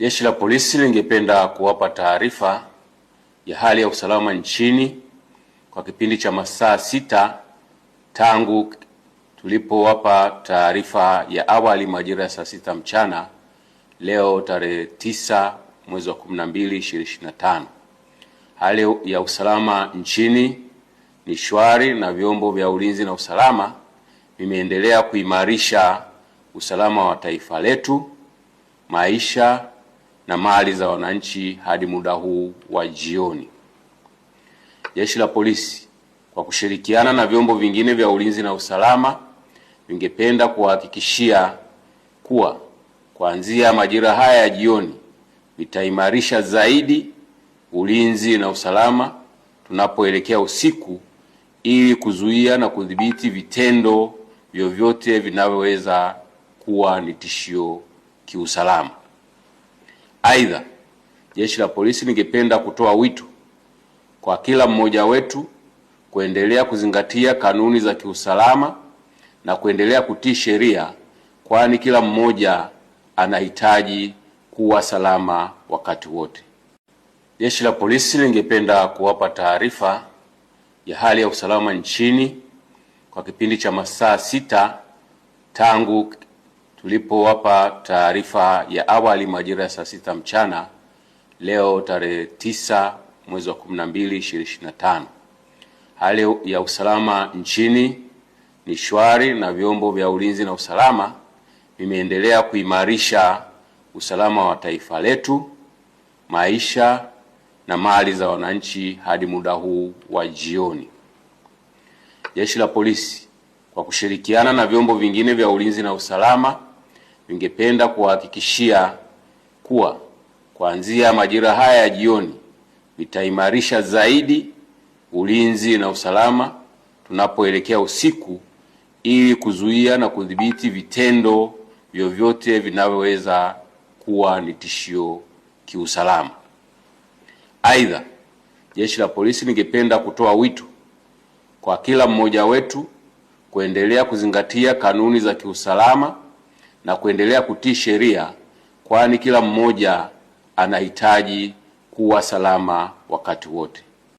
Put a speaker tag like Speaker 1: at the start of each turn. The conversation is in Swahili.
Speaker 1: Jeshi la Polisi lingependa kuwapa taarifa ya hali ya usalama nchini kwa kipindi cha masaa sita tangu tulipowapa taarifa ya awali majira ya saa sita mchana leo tarehe 9 mwezi wa 12 2025. Hali ya usalama nchini ni shwari na vyombo vya ulinzi na usalama vimeendelea kuimarisha usalama wa taifa letu, maisha na mali za wananchi hadi muda huu wa jioni. Jeshi la Polisi kwa kushirikiana na vyombo vingine vya ulinzi na usalama ningependa kuwahakikishia kuwa kuanzia majira haya ya jioni vitaimarisha zaidi ulinzi na usalama tunapoelekea usiku ili kuzuia na kudhibiti vitendo vyovyote vinavyoweza kuwa ni tishio kiusalama. Aidha, jeshi la polisi lingependa kutoa wito kwa kila mmoja wetu kuendelea kuzingatia kanuni za kiusalama na kuendelea kutii sheria, kwani kila mmoja anahitaji kuwa salama wakati wote. Jeshi la polisi lingependa kuwapa taarifa ya hali ya usalama nchini kwa kipindi cha masaa sita tangu tulipowapa taarifa ya awali majira ya saa sita mchana leo tarehe tisa mwezi wa 12 2025. Hali ya usalama nchini ni shwari na vyombo vya ulinzi na usalama vimeendelea kuimarisha usalama wa taifa letu, maisha na mali za wananchi hadi muda huu wa jioni. Jeshi la polisi kwa kushirikiana na vyombo vingine vya ulinzi na usalama ningependa kuwahakikishia kuwa kuanzia majira haya ya jioni nitaimarisha zaidi ulinzi na usalama tunapoelekea usiku ili kuzuia na kudhibiti vitendo vyovyote vinavyoweza kuwa ni tishio kiusalama. Aidha, jeshi la polisi lingependa kutoa wito kwa kila mmoja wetu kuendelea kuzingatia kanuni za kiusalama na kuendelea kutii sheria, kwani kila mmoja anahitaji kuwa salama wakati wote.